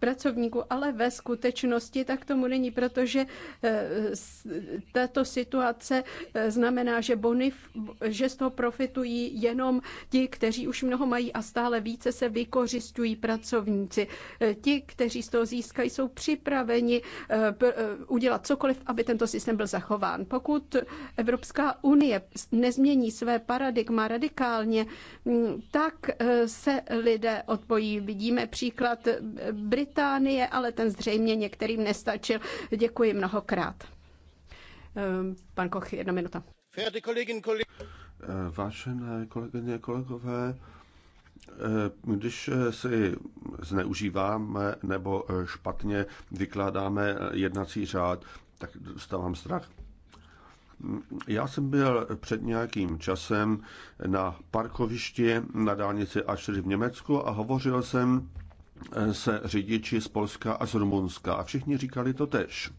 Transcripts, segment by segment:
pracovníků, ale ve skutečnosti tak tomu není, protože eh, tato situace eh, znamená, že, bonif, že z toho profitují jenom ti, kteří už mnoho mají a stále více se vykořistují pracovníci. Eh, ti, kteří z toho získají, jsou připraveni udělat cokoliv, aby tento systém byl zachován. Pokud Evropská unie nezmění své paradigma radikálně, mm, tak se lidé odpojí. Vidíme příklad Brit Británie, ale ten zřejmě některým nestačil. Děkuji mnohokrát. Ehm, pan Koch, jedna minuta. Eh, vážené kolegyně, kolegové, eh, když eh, si zneužíváme nebo špatně vykládáme jednací řád, tak dostávám strach. Mm, já jsem byl před nějakým časem na parkovišti na dálnici A4 v Německu a hovořil jsem se řidiči z Polska a z Rumunska a všichni říkali to tež.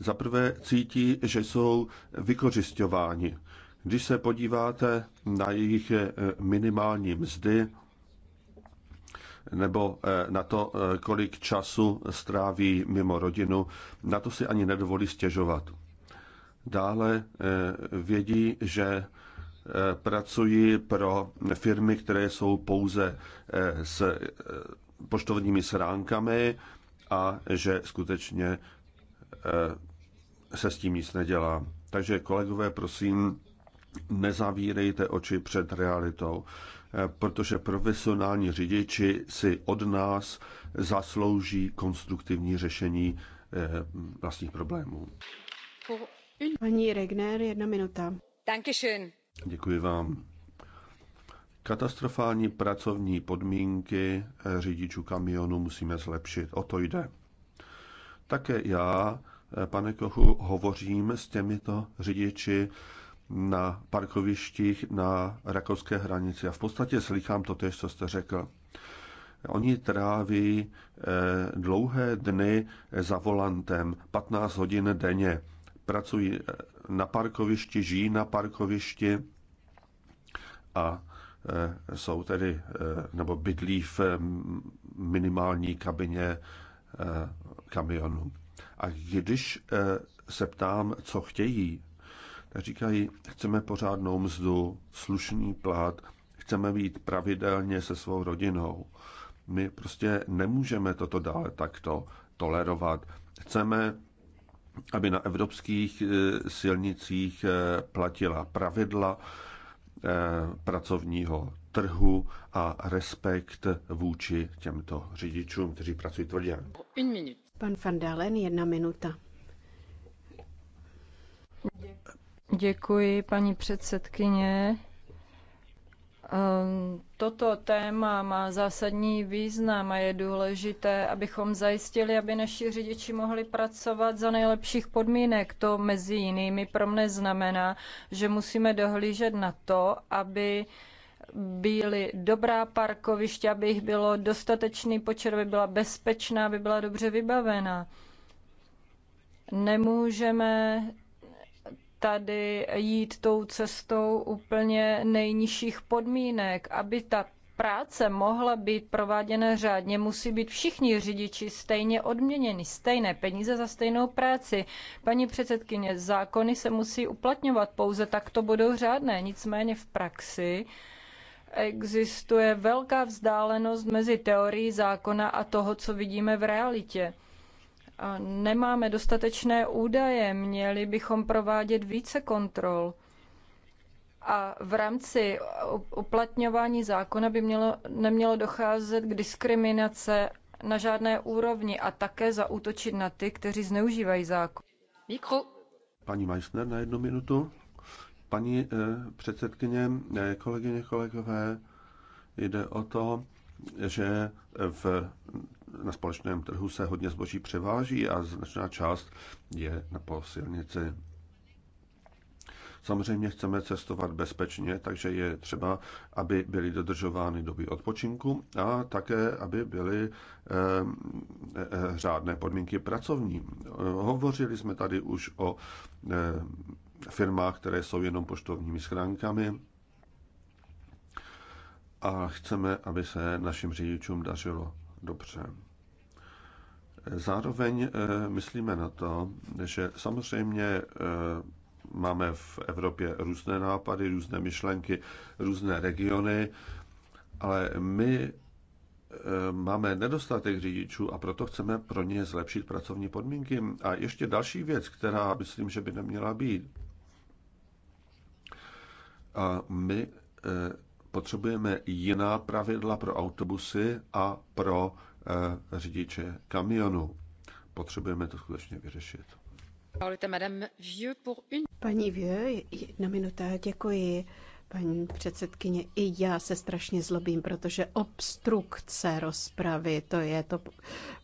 Za prvé cítí, že jsou vykořišťováni. Když se podíváte na jejich eh, minimální mzdy nebo eh, na to, eh, kolik času stráví mimo rodinu, na to si ani nedovolí stěžovat. Dále vědí, že pracují pro firmy, které jsou pouze z poštovními sránkami a že skutečně eh, se s tím nic nedělá. Takže kolegové, prosím, nezavírejte oči před realitou, eh, protože profesionální řidiči si od nás zaslouží konstruktivní řešení eh, vlastních problémů. Paní Regner, jedna minuta. Děkuji vám. Katastrofální pracovní podmínky eh, řidičů kamionu musíme zlepšit. O to jde. Také já, eh, pane Kochu, hovořím s těmito řidiči na parkovištích na rakouské hranici a v podstatě slychám to tež, co jste řekl. Oni tráví eh, dlouhé dny za volantem, 15 hodin denně. Pracují na parkovišti, žijí na parkovišti a Eh, jsou tedy, eh, nebo bydlí v mm, minimální kabině eh, kamionu. A když se ptám, co chtějí, tak říkají, chceme pořádnou mzdu, slušný plat, chceme být pravidelně se svou rodinou. My prostě nemůžeme toto dále takto tolerovat. Chceme, aby na evropských silnicích platila pravidla, Eh, pracovního trhu a respekt vůči těmto řidičům, kteří pracují tvrdě. Pan Van Dalen, jedna minuta. Děkuji, paní předsedkyně. Ehm, toto téma má zásadní význam a je důležité, abychom zajistili, aby naši řidiči mohli pracovat za nejlepších podmínek. To mezi jinými pro mne znamená, že musíme dohlížet na to, aby byly dobrá parkoviště, aby jich bylo dostatečný počet, aby byla bezpečná, aby byla dobře vybavená nemůžeme tady jít tou cestou úplně nejnižších podmínek, aby ta práce mohla být prováděna řádně, musí být všichni řidiči stejně odměněni, stejné peníze za stejnou práci. Paní předsedkyně, zákony se musí uplatňovat, pouze tak to budou řádné, nicméně v praxi existuje velká vzdálenost mezi teorií zákona a toho, co vidíme v realitě nemáme dostatečné údaje, měli bychom provádět více kontrol. A v rámci uplatňování zákona by mělo, nemělo docházet k diskriminace na žádné úrovni a také zaútočit na ty, kteří zneužívají zákon. Mikro. Paní Meissner na jednu minutu. Paní eh, předsedkyně, eh, kolegyně, kolegové, jde o to, že v na společném trhu se hodně zboží převáží a značná část je na silnici. Samozřejmě chceme cestovat bezpečně, takže je třeba, aby byly dodržovány doby odpočinku a také, aby byly eh, eh, řádné podmínky pracovní. Hovořili jsme tady už o eh, firmách, které jsou jenom poštovními schránkami a chceme, aby se našim řidičům dařilo dobře. Zároveň eh, myslíme na to, že samozřejmě eh, máme v Evropě různé nápady, různé myšlenky, různé regiony, ale my eh, máme nedostatek řidičů a proto chceme pro ně zlepšit pracovní podmínky. A ještě další věc, která myslím, že by neměla být. A my potřebujeme jiná pravidla pro autobusy a pro eh, řidiče kamionů. Potřebujeme to skutečně vyřešit. Paní Vieux, jedna minuta, děkuji. Paní předsedkyně, i já se strašně zlobím, protože obstrukce rozpravy, to je to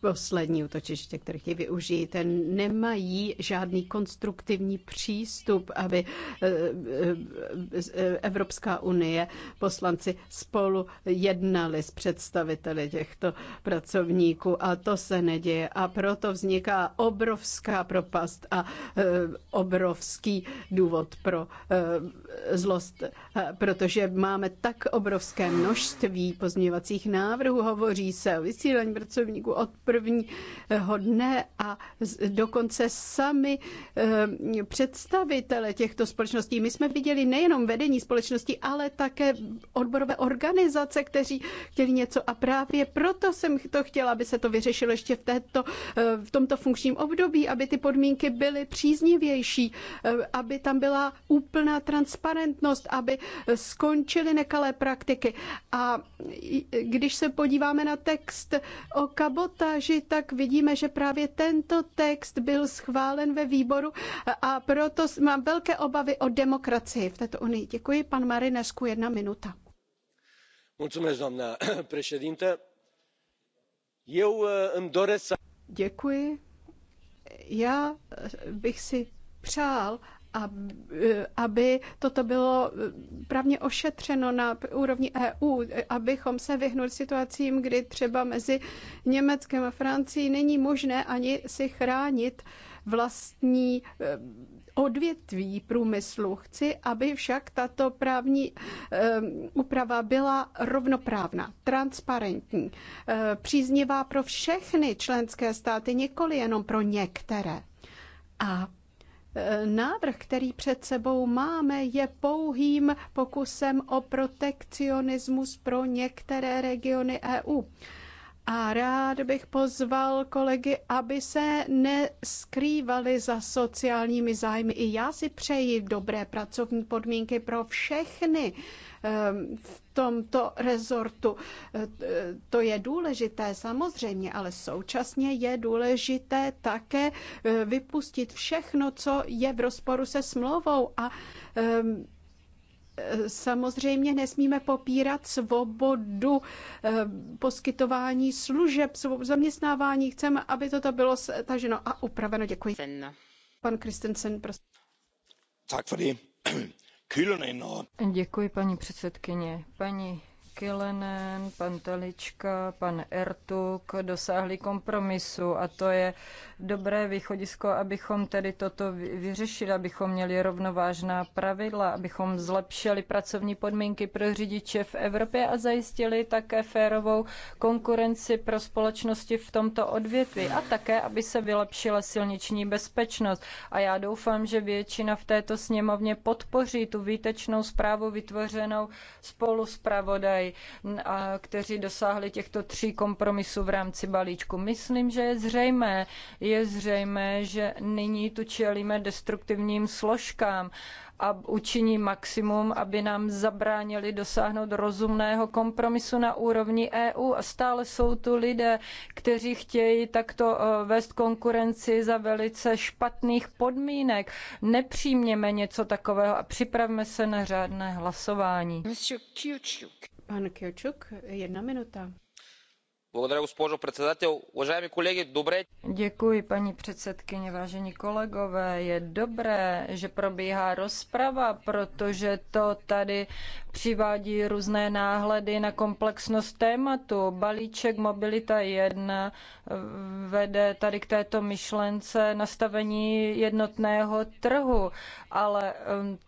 poslední útočiště, které chtějí využít, nemají žádný konstruktivní přístup, aby eh, eh, eh, Evropská unie, poslanci spolu jednali s představiteli těchto pracovníků a to se neděje a proto vzniká obrovská propast a obrovský důvod pro zlost protože máme tak obrovské množství pozměňovacích návrhů. Hovoří se o vysílání pracovníků od prvního dne a dokonce sami eh, představitele těchto společností. My jsme viděli nejenom vedení společností, ale také odborové organizace, kteří chtěli něco a právě proto jsem to chtěla, aby se to vyřešilo ještě v, této, eh, v tomto funkčním období, aby ty podmínky byly příznivější, eh, aby tam byla úplná transparentnost, aby skončily nekalé praktiky. A když se podíváme na text o kabotáži, tak vidíme, že právě tento text byl schválen ve výboru a proto mám velké obavy o demokracii v této unii. Děkuji, pan Marinesku, jedna minuta. Eh, Děkuji. Já bych si přál, Eh, aby toto bylo eh, právně ošetřeno na úrovni EU, eh, abychom se vyhnuli situacím, kdy třeba mezi Německem a Francií není možné ani si chránit vlastní odvětví průmyslu. Chci, aby však tato právní úprava byla rovnoprávná, transparentní, příznivá pro všechny členské státy, nikoli jenom pro některé. A Návrh, který před sebou máme, je pouhým pokusem o protekcionismus pro některé regiony EU. A rád bych pozval kolegy, aby se neskrývali za sociálními zájmy. I já si přeji dobré pracovní podmínky pro všechny v tomto rezortu. To je důležité samozřejmě, ale současně je důležité také eh, vypustit všechno, co je v rozporu se smlouvou a ehm, eh, Samozřejmě nesmíme popírat svobodu ehm, poskytování služeb, svobodu zaměstnávání. Chceme, aby toto bylo staženo a upraveno. Děkuji. Pan Kristensen, prosím. Tak for No. Děkuji, paní předsedkyně. Paní Kilenen, pan Talička, pan Ertuk dosáhli kompromisu a to je dobré východisko, abychom tedy toto vyřešili, abychom měli rovnovážná pravidla, abychom zlepšili pracovní podmínky pro řidiče v Evropě a zajistili také férovou konkurenci pro společnosti v tomto odvětví a také, aby se vylepšila silniční bezpečnost. A já doufám, že většina v této sněmovně podpoří tu výtečnou zprávu vytvořenou spolu s pravodají kteří dosáhli těchto tří kompromisů v rámci balíčku. Myslím, že je zřejmé, je zřejmé, že nyní tu čelíme destruktivním složkám a učiní maximum, aby nám zabránili dosáhnout rozumného kompromisu na úrovni EU. A stále jsou tu lidé, kteří chtějí takto e, vést konkurenci za velice špatných podmínek. Nepřijměme něco takového a připravme se na řádné hlasování. Pan Kirčuk, jedna minuta. Děkuji, paní předsedkyně, vážení kolegové. Je dobré, že probíhá rozprava, protože to tady přivádí různé náhledy na komplexnost tématu. Balíček Mobilita 1 vede tady k této myšlence nastavení jednotného trhu, ale um,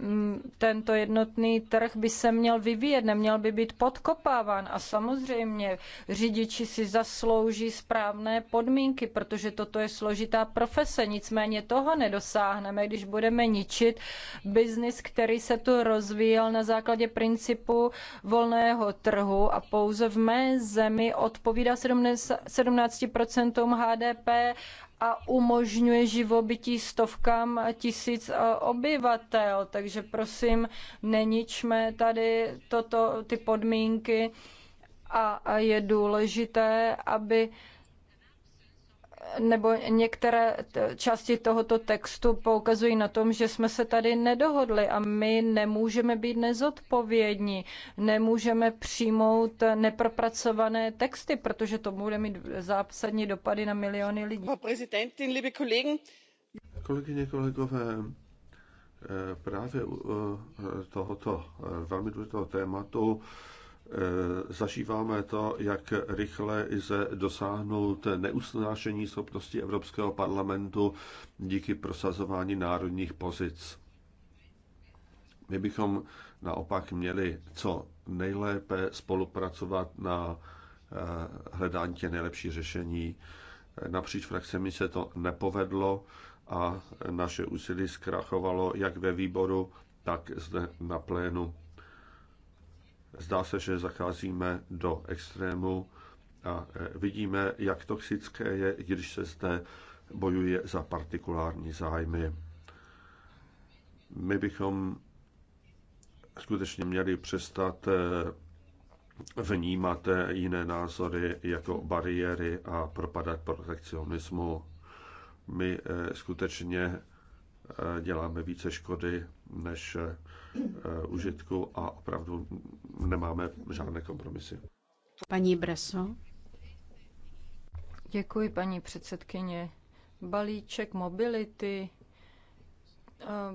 Mm, tento jednotný trh by se měl vyvíjet, neměl by být podkopáván. A samozřejmě řidiči si zaslouží správné podmínky, protože toto je složitá profese. Nicméně toho nedosáhneme, když budeme ničit biznis, který se tu rozvíjel na základě principu volného trhu a pouze v mé zemi odpovídá 17% HDP a umožňuje živobytí stovkám tisíc eh, obyvatel. Takže prosím, neničme tady toto, ty podmínky a, a je důležité, aby nebo některé části tohoto textu poukazují na tom, že jsme se tady nedohodli a my nemůžeme být nezodpovědní, nemůžeme přijmout nepropracované texty, protože to bude mít zásadní dopady na miliony lidí. Kolegyně, kolegové, eh, právě eh, tohoto eh, velmi důležitého tématu Eh, zažíváme to, jak rychle se dosáhnout neusnášení schopnosti Evropského parlamentu díky prosazování národních pozic. My bychom naopak měli co nejlépe spolupracovat na eh, hledání těch nejlepších řešení. Napříč frakcemi se to nepovedlo a naše úsilí zkrachovalo jak ve výboru, tak zde na plénu. Zdá se, že zacházíme do extrému a e, vidíme, jak toxické je, když se zde bojuje za partikulární zájmy. My bychom skutečně měli přestat e, vnímat e, jiné názory jako bariéry a propadat protekcionismu. My skutečně Eh, děláme více škody než eh, eh, užitku a opravdu nemáme žádné kompromisy. Paní Breso. Děkuji, paní předsedkyně. Balíček mobility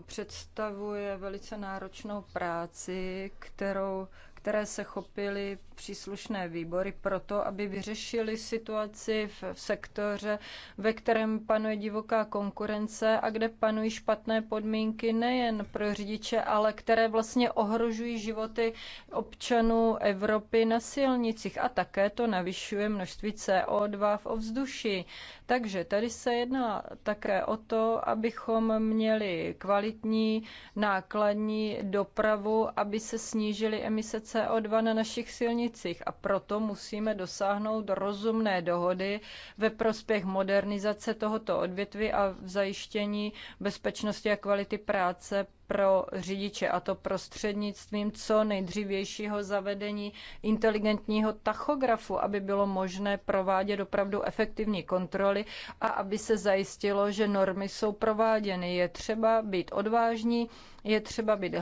představuje velice náročnou práci, kterou které se chopily příslušné výbory proto, aby vyřešili situaci v, v sektoře, ve kterém panuje divoká konkurence a kde panují špatné podmínky nejen pro řidiče, ale které vlastně ohrožují životy občanů Evropy na silnicích a také to navyšuje množství CO2 v ovzduší. Takže tady se jedná také o to, abychom měli kvalitní nákladní dopravu, aby se snížily emise CO2 na našich silnicích a proto musíme dosáhnout rozumné dohody ve prospěch modernizace tohoto odvětví a v zajištění bezpečnosti a kvality práce pro řidiče, a to prostřednictvím co nejdřívějšího zavedení inteligentního tachografu, aby bylo možné provádět opravdu efektivní kontroly a aby se zajistilo, že normy jsou prováděny. Je třeba být odvážní, je třeba, být,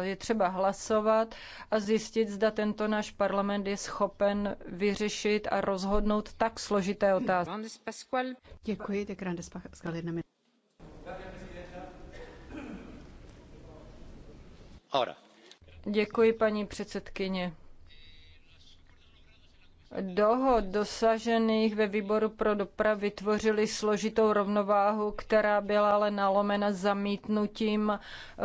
je třeba hlasovat a zjistit, zda tento náš parlament je schopen vyřešit a rozhodnout tak složité otázky. Děkuji, Pascal, jedna minuta. Ahora. Děkuji, paní předsedkyně dohod dosažených ve výboru pro dopravu vytvořily složitou rovnováhu, která byla ale nalomena zamítnutím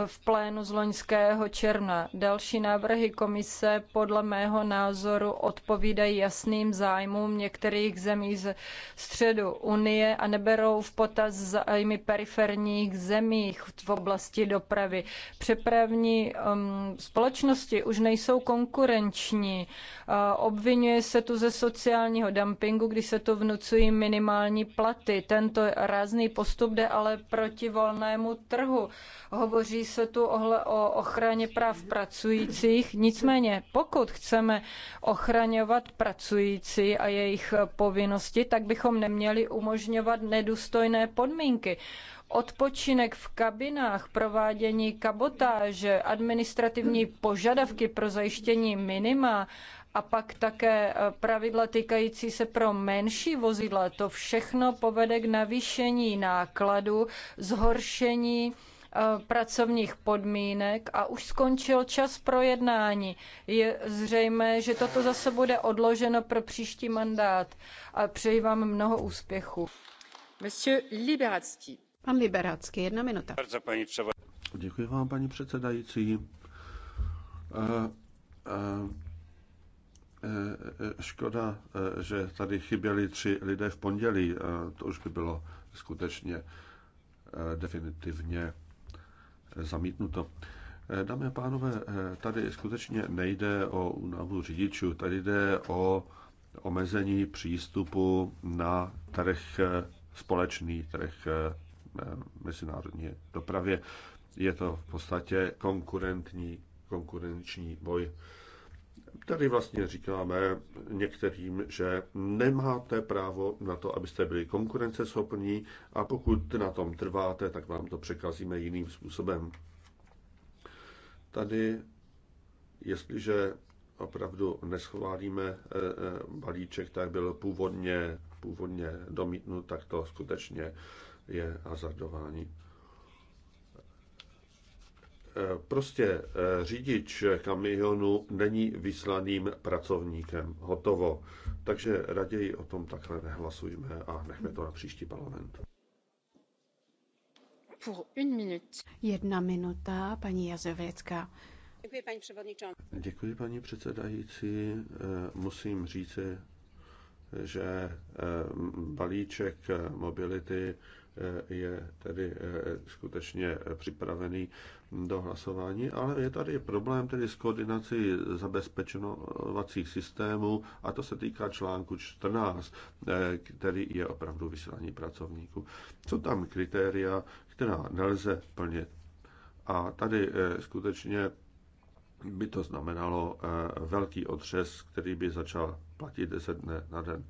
v plénu z loňského června. Další návrhy komise podle mého názoru odpovídají jasným zájmům některých zemí ze středu Unie a neberou v potaz zájmy periferních zemí v oblasti dopravy. Přepravní um, společnosti už nejsou konkurenční. Uh, obvinuje se tu ze sociálního dumpingu, kdy se to vnucují minimální platy. Tento rázný postup jde ale proti volnému trhu. Hovoří se tu o ochraně práv pracujících, nicméně pokud chceme ochraňovat pracující a jejich povinnosti, tak bychom neměli umožňovat nedůstojné podmínky odpočinek v kabinách, provádění kabotáže, administrativní požadavky pro zajištění minima a pak také eh, pravidla týkající se pro menší vozidla. To všechno povede k navýšení nákladu, zhoršení eh, pracovních podmínek a už skončil čas pro jednání. Je zřejmé, že toto zase bude odloženo pro příští mandát a přeji vám mnoho úspěchu. Pan Liberácký, jedna minuta. Děkuji vám, paní předsedající. Uh, uh Eh, eh, škoda, eh, že tady chyběli tři lidé v pondělí. To už by bylo skutečně definitivně zamítnuto. Dámy a pánové, tady skutečně nejde o únavu řidičů, tady jde o omezení přístupu na trh společný, trh mezinárodní dopravě. Je to v podstatě konkurentní, konkurenční boj. Tady vlastně říkáme některým, že nemáte právo na to, abyste byli konkurenceschopní a pokud na tom trváte, tak vám to překazíme jiným způsobem. Tady, jestliže opravdu neschválíme eh, eh, balíček, tak byl původně, původně domítnut, tak to skutečně je hazardování. Prostě eh, řidič kamionu není vyslaným pracovníkem. Hotovo. Takže raději o tom takhle nehlasujme a nechme to na příští parlament. Jedna minuta, paní Jazověcka. Děkuji, paní předsedající. Děkuji, paní předsedající. Musím říci, že eh, balíček mobility je tedy eh, skutečně připravený do hlasování, ale je tady problém tedy s koordinací zabezpečovacích systémů a to se týká článku 14, eh, který je opravdu vysílání pracovníků. Co tam kritéria, která nelze plnit? A tady eh, skutečně by to znamenalo velký otřes, který by začal platit 10 dne na den.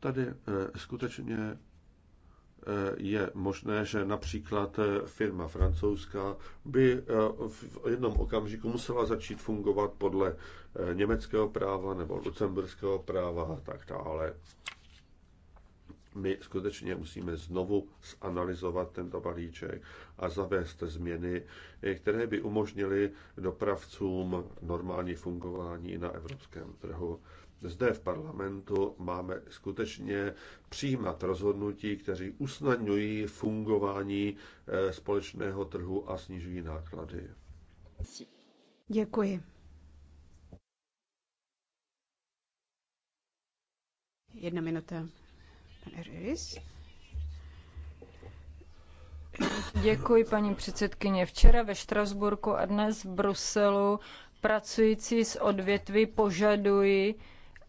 Tady skutečně je možné, že například eh, firma francouzská by eh, v jednom okamžiku musela začít fungovat podle eh, německého práva nebo lucemburského práva a tak dále. My skutečně musíme znovu zanalizovat tento balíček a zavést změny, které by umožnily dopravcům normální fungování na evropském trhu zde v parlamentu máme skutečně přijímat rozhodnutí, kteří usnadňují fungování eh, společného trhu a snižují náklady. Děkuji. Jedna minuta. Děkuji, paní předsedkyně. Včera ve Štrasburku a dnes v Bruselu pracující z odvětví požadují,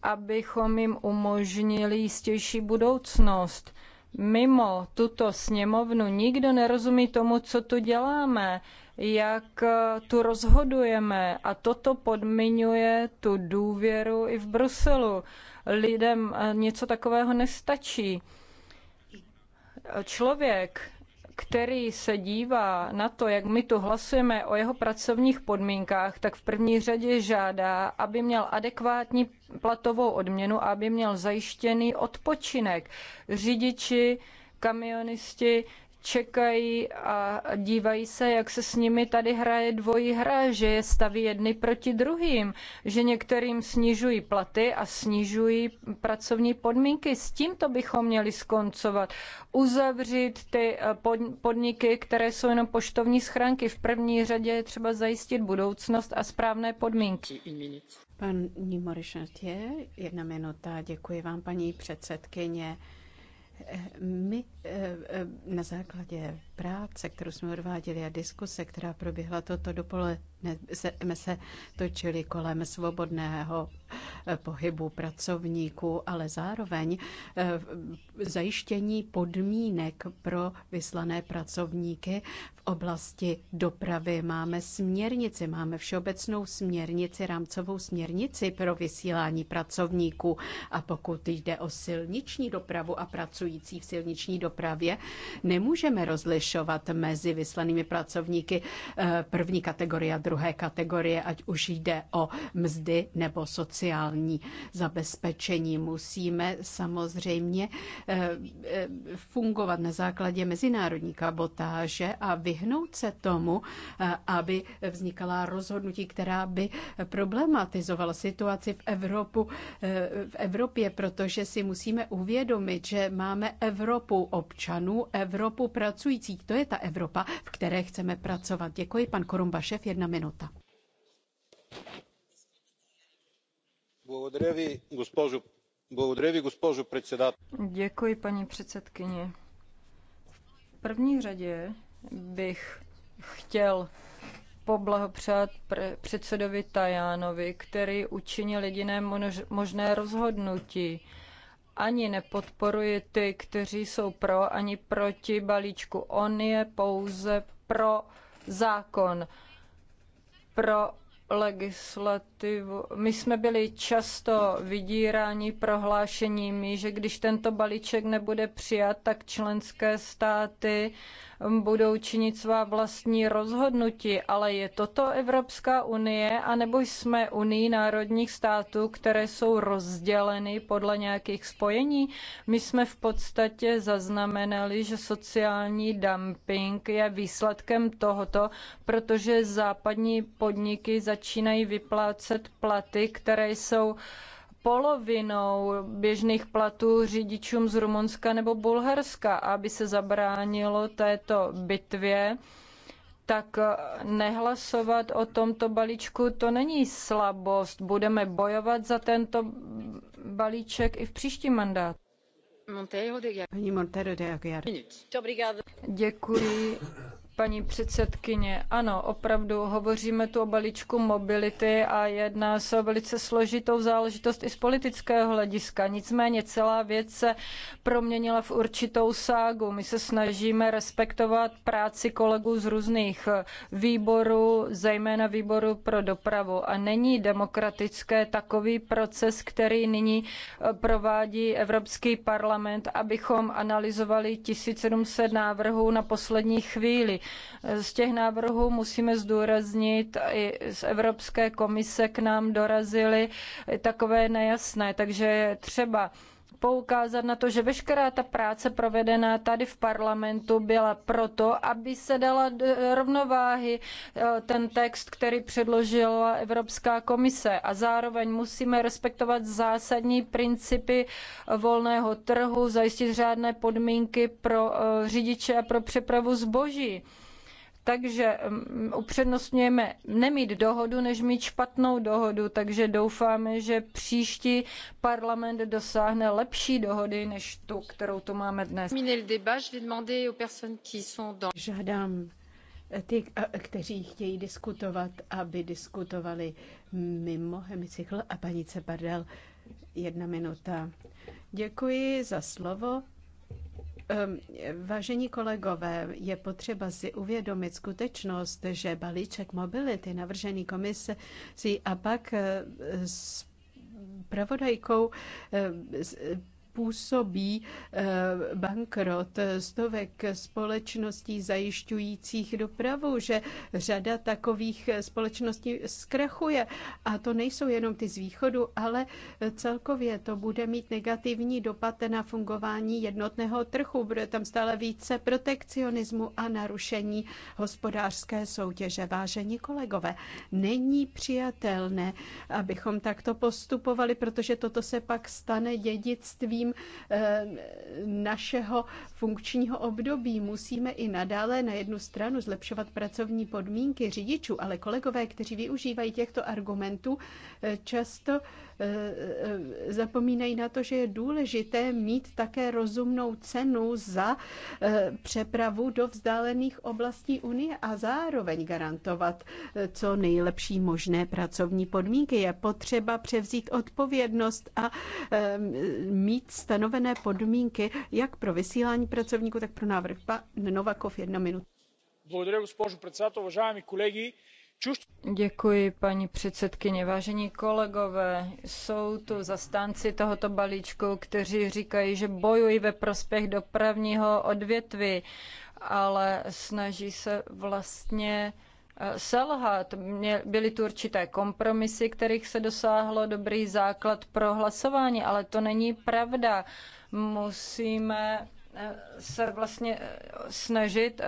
abychom jim umožnili jistější budoucnost. Mimo tuto sněmovnu nikdo nerozumí tomu, co tu děláme, jak eh, tu rozhodujeme a toto podmiňuje tu důvěru i v Bruselu. Lidem eh, něco takového nestačí. Člověk, který se dívá na to, jak my tu hlasujeme o jeho pracovních podmínkách, tak v první řadě žádá, aby měl adekvátní platovou odměnu a aby měl zajištěný odpočinek. Řidiči, kamionisti, čekají a dívají se, jak se s nimi tady hraje dvojí hra, že je staví jedny proti druhým, že některým snižují platy a snižují pracovní podmínky. S tímto bychom měli skoncovat. Uzavřít ty eh, podniky, které jsou jenom poštovní schránky. V první řadě je třeba zajistit budoucnost a správné podmínky. Paní je jedna minuta. Děkuji vám, paní předsedkyně. My eh, eh, na základě práce, kterou jsme odváděli a diskuse, která proběhla toto dopoledne, jsme se točili kolem svobodného eh, pohybu pracovníků, ale zároveň eh, zajištění podmínek pro vyslané pracovníky v oblasti dopravy. Máme směrnici, máme všeobecnou směrnici, rámcovou směrnici pro vysílání pracovníků. A pokud jde o silniční dopravu a pracující v silniční dopravě, nemůžeme rozlišovat mezi vyslanými pracovníky eh, první kategorie a druhé druhé kategorie, ať už jde o mzdy nebo sociální zabezpečení. Musíme samozřejmě eh, eh, fungovat na základě mezinárodní kabotáže a vyhnout se tomu, eh, aby vznikala rozhodnutí, která by problematizovala situaci v, Evropu, v Evropě, protože si musíme uvědomit, že máme Evropu občanů, Evropu pracujících. To je ta Evropa, v které chceme pracovat. Děkuji, pan šef, jedna minuta. Děkuji, paní předsedkyně. V první řadě bych chtěl poblahopřát předsedovi Tajánovi, který učinil jediné možné rozhodnutí. Ani nepodporuje ty, kteří jsou pro, ani proti balíčku. On je pouze pro zákon pro legislativu legislativu. My jsme byli často vydíráni prohlášeními, že když tento balíček nebude přijat, tak členské státy um, budou činit svá vlastní rozhodnutí. Ale je toto Evropská unie, anebo jsme unii národních států, které jsou rozděleny podle nějakých spojení? My jsme v podstatě zaznamenali, že sociální dumping je výsledkem tohoto, protože západní podniky začínají vyplácet platy, které jsou polovinou běžných platů řidičům z Rumunska nebo Bulharska, aby se zabránilo této bitvě, tak nehlasovat o tomto balíčku to není slabost. Budeme bojovat za tento balíček i v příštím mandátu. Děkuji paní předsedkyně. Ano, opravdu hovoříme tu o balíčku mobility a jedná se o velice složitou záležitost i z politického hlediska. Nicméně celá věc se proměnila v určitou ságu. My se snažíme respektovat práci kolegů z různých výborů, zejména výboru pro dopravu. A není demokratické takový proces, který nyní eh, provádí Evropský parlament, abychom analyzovali 1700 návrhů na poslední chvíli. Z těch návrhů musíme zdůraznit, i z Evropské komise k nám dorazily takové nejasné, takže třeba poukázat na to, že veškerá ta práce provedená tady v parlamentu byla proto, aby se dala eh, rovnováhy eh, ten text, který předložila Evropská komise. A zároveň musíme respektovat zásadní principy eh, volného trhu, zajistit řádné podmínky pro řidiče a pro přepravu zboží. Takže mm, upřednostňujeme nemít dohodu, než mít špatnou dohodu, takže doufáme, že příští parlament dosáhne lepší dohody, než tu, kterou tu máme dnes. Žádám eh, ty, eh, kteří chtějí diskutovat, aby diskutovali mimo hemicykl a paní Cepardel. Jedna minuta. Děkuji za slovo. Ehm, vážení kolegové, je potřeba si uvědomit skutečnost, že balíček mobility navržený komise si a pak eh, s pravodajkou eh, způsobí eh, bankrot stovek společností zajišťujících dopravu, že řada takových společností zkrachuje. A to nejsou jenom ty z východu, ale celkově to bude mít negativní dopad na fungování jednotného trhu. Bude tam stále více protekcionismu a narušení hospodářské soutěže. Vážení kolegové, není přijatelné, abychom takto postupovali, protože toto se pak stane dědictvím koncem eh, našeho funkčního období. Musíme i nadále na jednu stranu zlepšovat pracovní podmínky řidičů, ale kolegové, kteří využívají těchto argumentů, eh, často eh, zapomínají na to, že je důležité mít také rozumnou cenu za přepravu do vzdálených oblastí Unie a zároveň garantovat co nejlepší možné pracovní podmínky. Je potřeba převzít odpovědnost a mít stanovené podmínky jak pro vysílání pracovníků, tak pro návrh. Pan Novakov, jedna minuta. Děkuji, paní předsedkyně. Vážení kolegové, jsou tu zastánci tohoto balíčku, kteří říkají, že bojují ve prospěch dopravního odvětví, ale snaží se vlastně Eh, selhat. Byly tu určité kompromisy, kterých se dosáhlo dobrý základ pro hlasování, ale to není pravda. Musíme se vlastně eh, snažit, eh,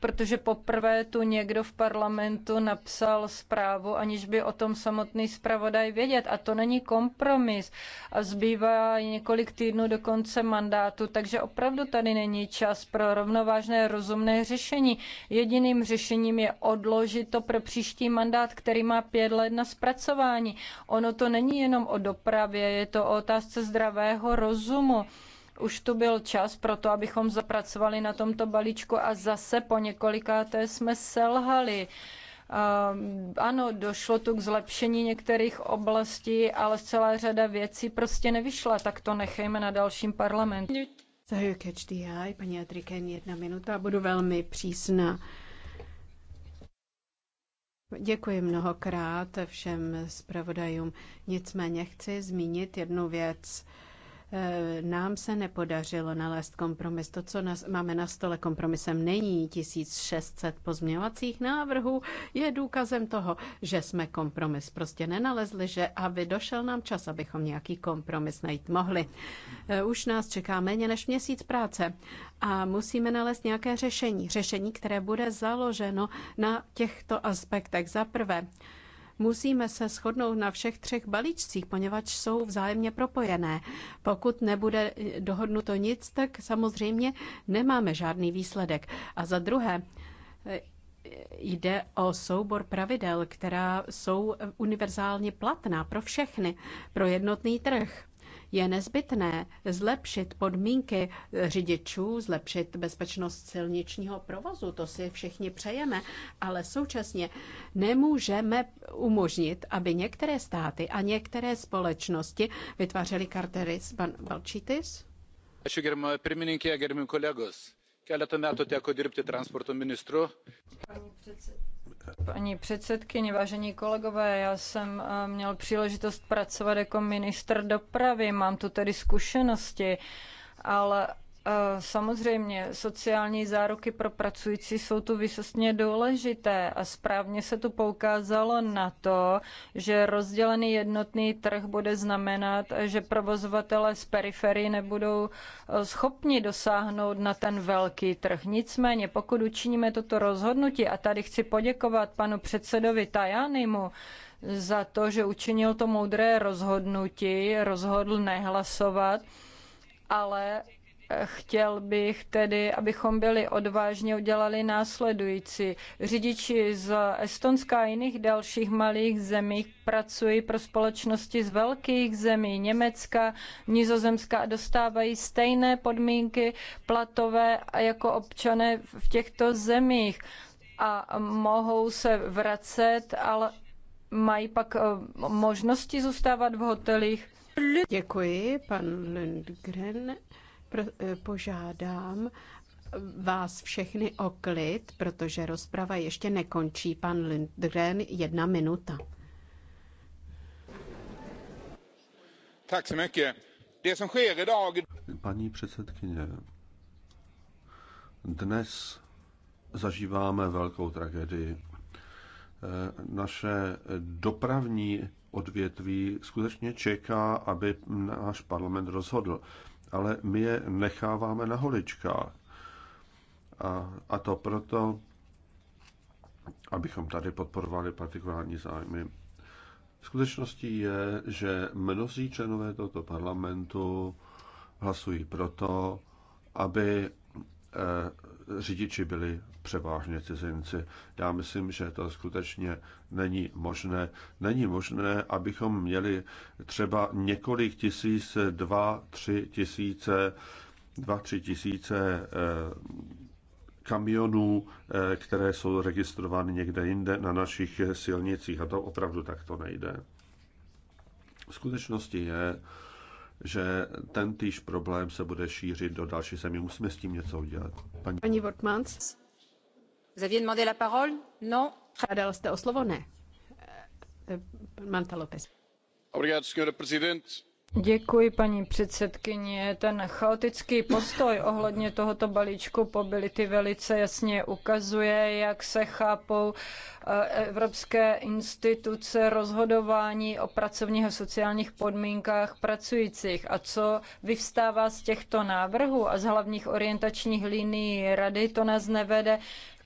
protože poprvé tu někdo v parlamentu napsal zprávu, aniž by o tom samotný zpravodaj vědět. A to není kompromis. A zbývá několik týdnů do konce mandátu, takže opravdu tady není čas pro rovnovážné rozumné řešení. Jediným řešením je odložit to pro příští mandát, který má pět let na zpracování. Ono to není jenom o dopravě, je to o otázce zdravého rozumu. Už tu byl čas pro to, abychom zapracovali na tomto balíčku a zase po několikáté jsme selhali. Ehm, ano, došlo tu k zlepšení některých oblastí, ale celá řada věcí prostě nevyšla, tak to nechejme na dalším parlamentu. Zahajuji catch the eye, paní Adriken, jedna minuta, budu velmi přísná. Děkuji mnohokrát všem zpravodajům. Nicméně chci zmínit jednu věc. Eh, nám se nepodařilo nalézt kompromis. To, co nás, máme na stole kompromisem, není 1600 pozměňovacích návrhů, je důkazem toho, že jsme kompromis prostě nenalezli, že aby došel nám čas, abychom nějaký kompromis najít mohli. Eh, už nás čeká méně než měsíc práce a musíme nalézt nějaké řešení. Řešení, které bude založeno na těchto aspektech. Za prvé, Musíme se shodnout na všech třech balíčcích, poněvadž jsou vzájemně propojené. Pokud nebude dohodnuto nic, tak samozřejmě nemáme žádný výsledek. A za druhé, jde o soubor pravidel, která jsou univerzálně platná pro všechny, pro jednotný trh. Je nezbytné zlepšit podmínky řidičů, zlepšit bezpečnost silničního provozu, to si všichni přejeme, ale současně nemůžeme umožnit, aby některé státy a některé společnosti vytvářely kartery. s. Balčitis? Ačiū gerbiama pirmininkė, gerbiami kolegos keletą metų teko dirbti transporto ministru. Paní předsedkyně, vážení kolegové, já jsem eh, měl příležitost pracovat jako ministr dopravy, mám tu tedy zkušenosti, ale Samozřejmě, sociální záruky pro pracující jsou tu vysostně důležité a správně se tu poukázalo na to, že rozdělený jednotný trh bude znamenat, že provozovatele z periferii nebudou e, schopni dosáhnout na ten velký trh. Nicméně, pokud učiníme toto rozhodnutí, a tady chci poděkovat panu předsedovi Tajanimu, za to, že učinil to moudré rozhodnutí, rozhodl nehlasovat, ale Chtěl bych tedy, abychom byli odvážně udělali následující. Řidiči z Estonska a jiných dalších malých zemí pracují pro společnosti z velkých zemí, Německa, Nizozemska a dostávají stejné podmínky platové jako občané v těchto zemích a mohou se vracet, ale mají pak eh, možnosti zůstávat v hotelích. Děkuji, pan Lindgren. Eh, požádám vás všechny o klid, protože rozprava ještě nekončí. Pan Lindgren, jedna minuta. Paní předsedkyně, dnes zažíváme velkou tragédii. Eh, naše dopravní odvětví skutečně čeká, aby náš parlament rozhodl ale my je necháváme na holičkách. A, a to proto, abychom tady podporovali partikulární zájmy. Skutečností je, že mnozí členové tohoto parlamentu hlasují proto, aby Eh, řidiči byli převážně cizinci. Já myslím, že to skutečně není možné. Není možné, abychom měli třeba několik tisíc, dva, tři tisíce, dva, tři tisíce eh, kamionů, eh, které jsou registrovány někde jinde na našich silnicích. A to opravdu takto nejde. V skutečnosti je, že ten týž problém se bude šířit do další země. Musíme s tím něco udělat. Paní, Paní Wortmans? Vous aviez demandé la parole? Non. Žádal jste o slovo? Ne. Eh, Manta López. Obrigado, senhora presidente. Děkuji, paní předsedkyně. Ten chaotický postoj ohledně tohoto balíčku pobility velice jasně ukazuje, jak se chápou eh, evropské instituce rozhodování o pracovních a sociálních podmínkách pracujících. A co vyvstává z těchto návrhů a z hlavních orientačních linií rady, to nás nevede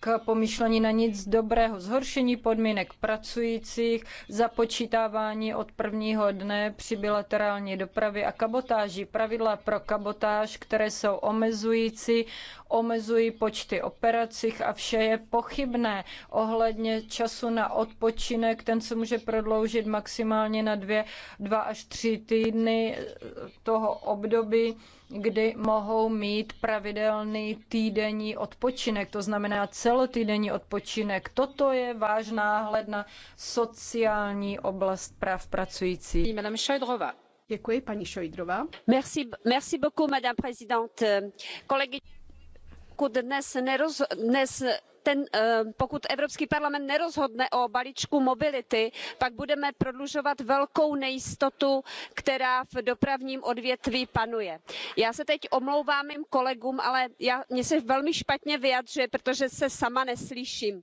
k pomyšlení na nic dobrého. Zhoršení podmínek pracujících, započítávání od prvního dne při bilaterální dopravě a kabotáži. Pravidla pro kabotáž, které jsou omezující, omezují počty operacích a vše je pochybné. Ohledně času na odpočinek, ten se může prodloužit maximálně na dvě, dva až tři týdny toho období, kdy mohou mít pravidelný týdenní odpočinek, to znamená celotýdenní odpočinek. Toto je váš náhled na sociální oblast práv pracujících. Děkuji, paní Šojdrová. Merci, merci beaucoup, madame présidente. Kolegy... Eh, pokud evropský parlament nerozhodne o balíčku mobility pak budeme prodlužovat velkou nejistotu která v dopravním odvětví panuje. já se teď omlouvám svým kolegům ale mně se velmi špatně vyjadřuje protože se sama neslyším.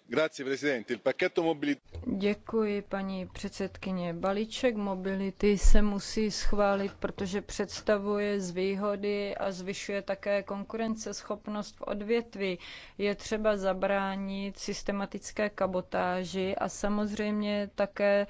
Děkuji, paní předsedkyně. Balíček mobility se musí schválit, protože představuje zvýhody a zvyšuje také konkurenceschopnost v odvětví. Je třeba zabránit systematické kabotáži a samozřejmě také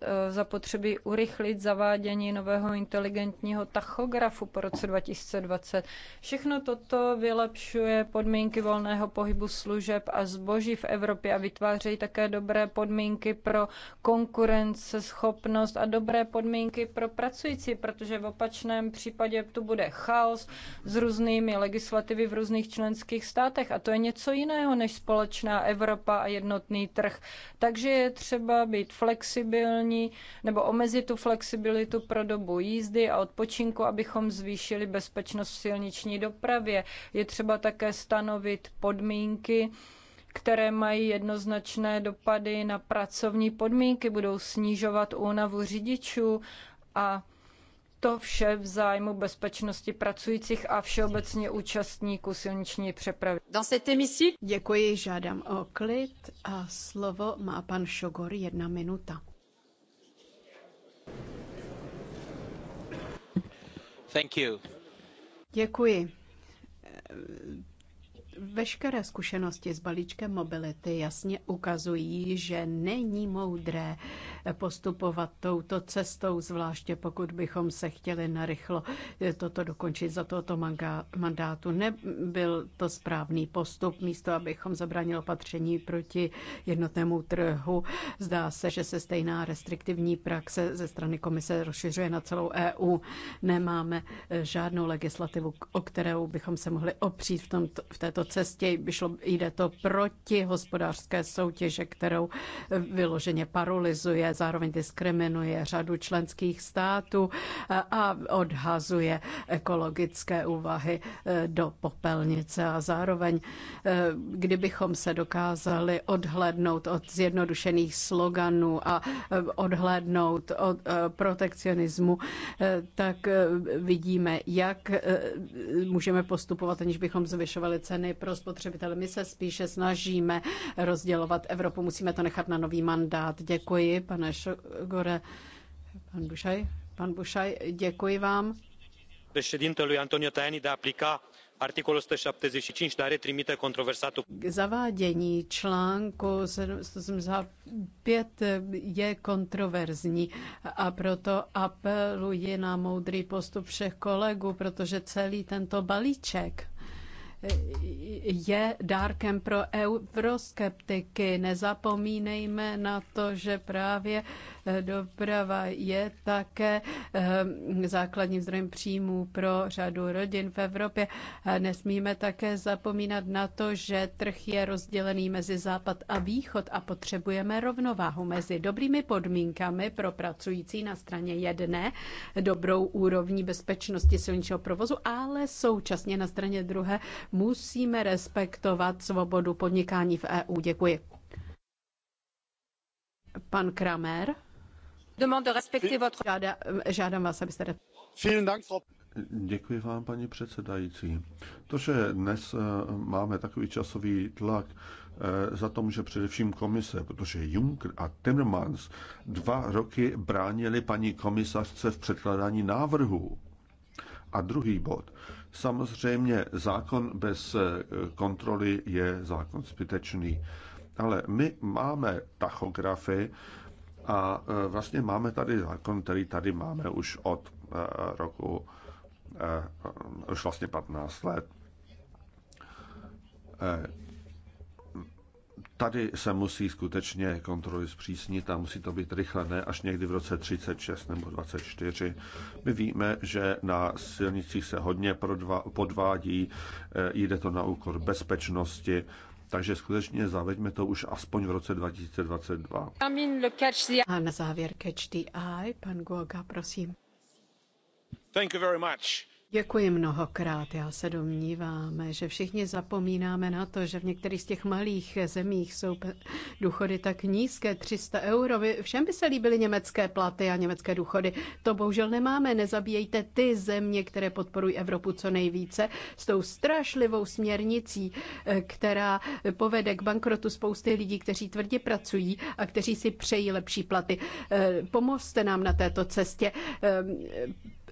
e, zapotřebí urychlit zavádění nového inteligentního tachografu po roce 2020. Všechno toto vylepšuje podmínky volného pohybu služeb a zboží v Evropě Evropě a vytvářejí také dobré podmínky pro konkurenceschopnost a dobré podmínky pro pracující, protože v opačném případě tu bude chaos s různými legislativy v různých členských státech a to je něco jiného než společná Evropa a jednotný trh. Takže je třeba být flexibilní nebo omezit tu flexibilitu pro dobu jízdy a odpočinku, abychom zvýšili bezpečnost v silniční dopravě. Je třeba také stanovit podmínky, které mají jednoznačné dopady na pracovní podmínky, budou snižovat únavu řidičů a to vše v zájmu bezpečnosti pracujících a všeobecně účastníků silniční přepravy. Děkuji, žádám o klid a slovo má pan Šogor, jedna minuta. Thank you. Děkuji Veškeré zkušenosti s balíčkem mobility jasně ukazují, že není moudré postupovat touto cestou, zvláště pokud bychom se chtěli narychlo toto dokončit za tohoto mandátu. Nebyl to správný postup, místo abychom zabránili opatření proti jednotnému trhu. Zdá se, že se stejná restriktivní praxe ze strany komise rozšiřuje na celou EU. Nemáme žádnou legislativu, o kterou bychom se mohli opřít v, tomto, v této cestě. Šlo, jde to proti hospodářské soutěže, kterou vyloženě paralizuje zároveň diskriminuje řadu členských států a odhazuje ekologické úvahy eh, do popelnice. A zároveň, eh, kdybychom se dokázali odhlednout od zjednodušených sloganů a eh, odhlednout od protekcionismu, tak vidíme, jak můžeme postupovat, aniž bychom zvyšovali ceny pro spotřebitele. My se spíše snažíme rozdělovat Evropu. Musíme to nechat na nový mandát. Děkuji, pane pane Šogore, pan Bušaj, pan Bušaj, děkuji vám. Președintelui Antonio Tajani de a aplica articolul 175 dar retrimite controversatul. Zavádění článku 175 je kontroverzní a proto apeluji na moudrý postup všech kolegů, protože celý tento balíček je dárkem pro euroskeptiky. Nezapomínejme na to, že právě Doprava je také eh, základním zdrojem příjmů pro řadu rodin v Evropě. Nesmíme také zapomínat na to, že trh je rozdělený mezi západ a východ a potřebujeme rovnováhu mezi dobrými podmínkami pro pracující na straně jedné, dobrou úrovní bezpečnosti silničního provozu, ale současně na straně druhé musíme respektovat svobodu podnikání v EU. Děkuji. Pan Kramer. Děkuji vám, paní předsedající. To, že dnes eh, máme takový časový tlak, eh, za to může především komise, protože Juncker a Timmermans dva roky bránili paní komisařce v předkládání návrhů. A druhý bod. Samozřejmě zákon bez eh, kontroly je zákon zbytečný. Ale my máme tachografy, a e, vlastně máme tady zákon, který tady máme už od e, roku, e, už vlastně 15 let. Tady se musí skutečně kontroly zpřísnit a musí to být rychle, ne až někdy v roce 36 nebo 24. My víme, že na silnicích se hodně podvádí, jde to na úkor bezpečnosti takže skutečně zaveďme to už aspoň v roce 2022. A na závěr catch the eye, pan Goga, prosím. Thank you very much. Děkuji mnohokrát. Já se domnívám, že všichni zapomínáme na to, že v některých z těch malých zemích jsou důchody tak nízké, 300 euro. Všem by se líbily německé platy a německé důchody. To bohužel nemáme. Nezabíjejte ty země, které podporují Evropu co nejvíce s tou strašlivou směrnicí, eh, která povede k bankrotu spousty lidí, kteří tvrdě pracují a kteří si přejí lepší platy. Eh, pomozte nám na této cestě ehm,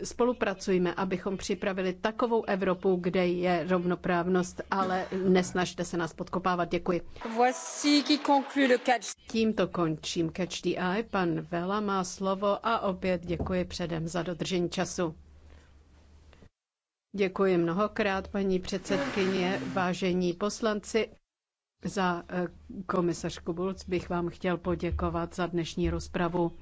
spolupracujme, abychom připravili takovou Evropu, kde je rovnoprávnost, ale nesnažte se nás podkopávat. Děkuji. Tímto končím Catch the Eye. Pan Vela má slovo a opět děkuji předem za dodržení času. Děkuji mnohokrát, paní předsedkyně, vážení poslanci. Za eh, komisařku Bulc bych vám chtěl poděkovat za dnešní rozpravu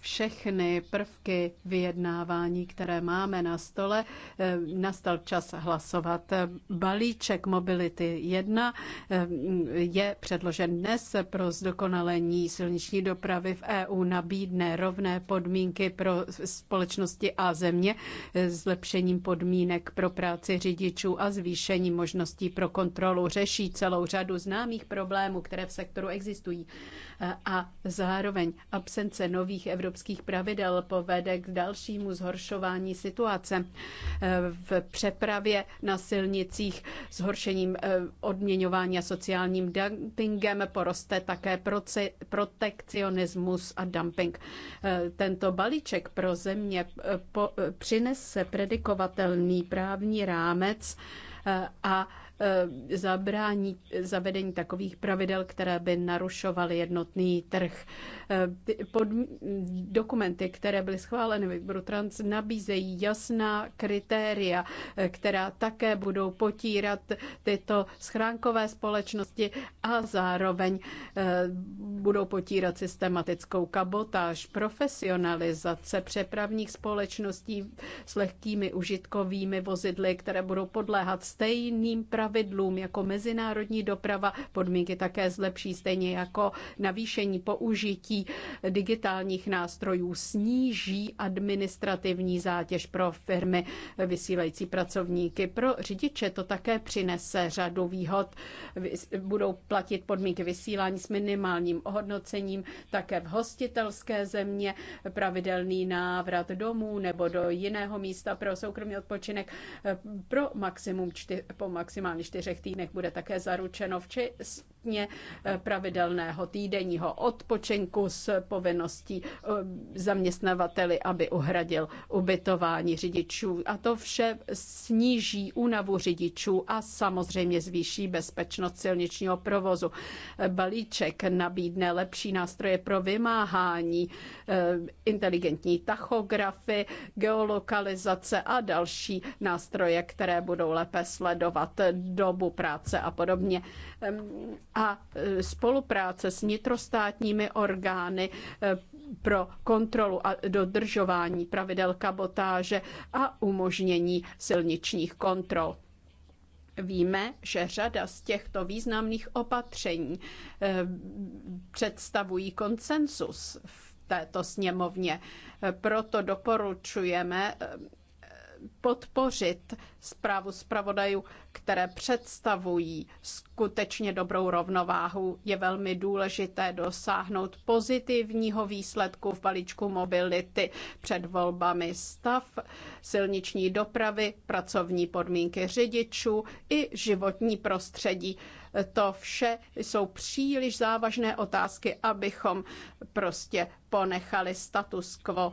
všechny prvky vyjednávání, které máme na stole. Eh, nastal čas hlasovat. Balíček Mobility 1 eh, je předložen dnes pro zdokonalení silniční dopravy v EU nabídne rovné podmínky pro společnosti a země, eh, zlepšením podmínek pro práci řidičů a zvýšení možností pro kontrolu. Řeší celou řadu známých problémů, které v sektoru existují a zároveň absence nových evropských evropských pravidel povede k dalšímu zhoršování situace v přepravě na silnicích, zhoršením eh, odměňování a sociálním dumpingem poroste také protekcionismus a dumping. Eh, tento balíček pro země eh, přinese predikovatelný právní rámec a zabrání zavedení takových pravidel, které by narušovaly jednotný trh. Eh, pod dokumenty, které byly schváleny výboru trans, nabízejí jasná kritéria, eh, která také budou potírat tyto schránkové společnosti a zároveň eh, budou potírat systematickou kabotáž, profesionalizace přepravních společností s lehkými užitkovými vozidly, které budou podléhat stejným pravidlům jako mezinárodní doprava. Podmínky také zlepší, stejně jako navýšení použití digitálních nástrojů sníží administrativní zátěž pro firmy vysílající pracovníky. Pro řidiče to také přinese řadu výhod. Budou platit podmínky vysílání s minimálním ohodnocením také v hostitelské země, pravidelný návrat domů nebo do jiného místa pro soukromý odpočinek. Pro maximum čty, po maximálně čtyřech týdnech bude také zaručeno včas včetně eh, pravidelného týdenního odpočinku s povinností eh, zaměstnavateli, aby uhradil ubytování řidičů. A to vše sníží únavu řidičů a samozřejmě zvýší bezpečnost silničního provozu. Eh, balíček nabídne lepší nástroje pro vymáhání, inteligentní tachografy, geolokalizace a další nástroje, které budou lépe sledovat dobu práce a podobně a e, spolupráce s nitrostátními orgány e, pro kontrolu a dodržování pravidel kabotáže a umožnění silničních kontrol. Víme, že řada z těchto významných opatření e, představují konsensus v této sněmovně. Proto doporučujeme podpořit zprávu zpravodajů, které představují skutečně dobrou rovnováhu. Je velmi důležité dosáhnout pozitivního výsledku v balíčku mobility před volbami stav, silniční dopravy, pracovní podmínky řidičů i životní prostředí. To vše jsou příliš závažné otázky, abychom prostě ponechali status quo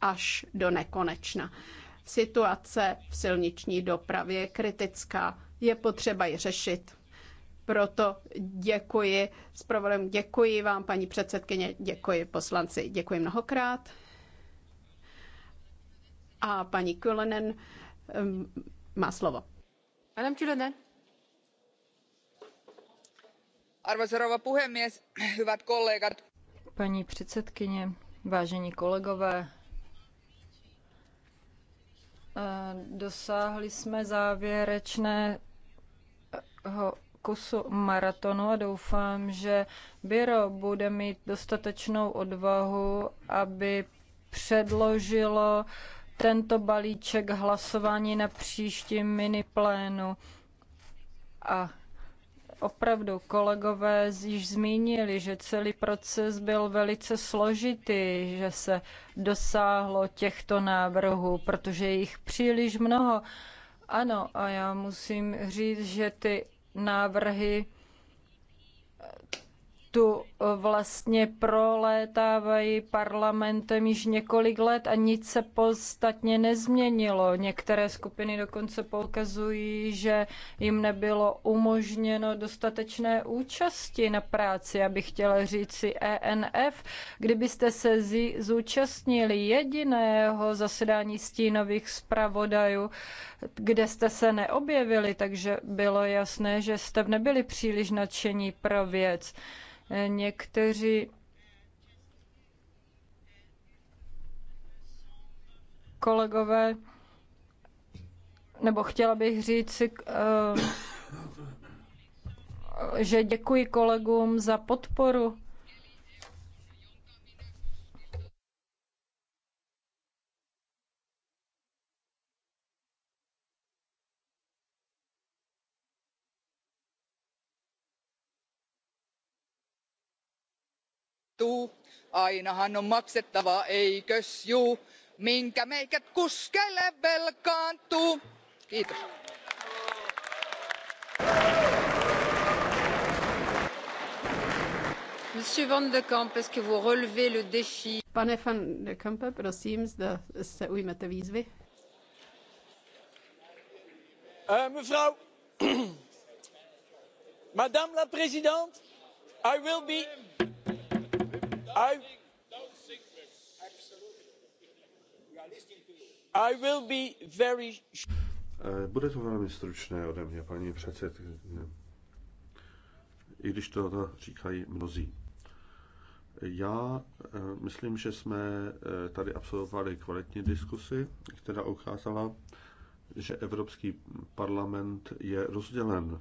až do nekonečna. Situace v silniční dopravě je kritická, je potřeba ji řešit. Proto děkuji s provodem, děkuji vám, paní předsedkyně, děkuji poslanci, děkuji mnohokrát. A paní Kulenen um, má slovo. Pane Kulenen. Arvoisa rouva puhemies, hyvat kollegat. Paní předsedkyně, vážení kolegové, Dosáhli jsme závěrečného kusu maratonu a doufám, že Biro bude mít dostatečnou odvahu, aby předložilo tento balíček hlasování na příštím miniplénu. A opravdu kolegové již zmínili, že celý proces byl velice složitý, že se dosáhlo těchto návrhů, protože je jich příliš mnoho. Ano, a já musím říct, že ty návrhy tu eh, vlastně prolétávají parlamentem již několik let a nic se podstatně nezměnilo. Některé skupiny dokonce poukazují, že jim nebylo umožněno dostatečné účasti na práci. Já bych chtěla říct si ENF, kdybyste se zúčastnili jediného zasedání stínových zpravodajů, kde jste se neobjevili, takže bylo jasné, že jste nebyli příliš nadšení pro věc. Někteří kolegové, nebo chtěla bych říct, eh, že děkuji kolegům za podporu tuu ainahan on maksettava eikös juu minkä meikät kuskeille velkaantuu. kiitos. Pane van de Kampe, prosím, zda se ujmete výzvy. Euh, madame la présidente, I will be i, I will be very... Eh, bude to velmi stručné ode mě, paní předsedkyně. I když to, to říkají mnozí. Já eh, myslím, že jsme eh, tady absolvovali kvalitní diskusi, která ukázala, že Evropský parlament je rozdělen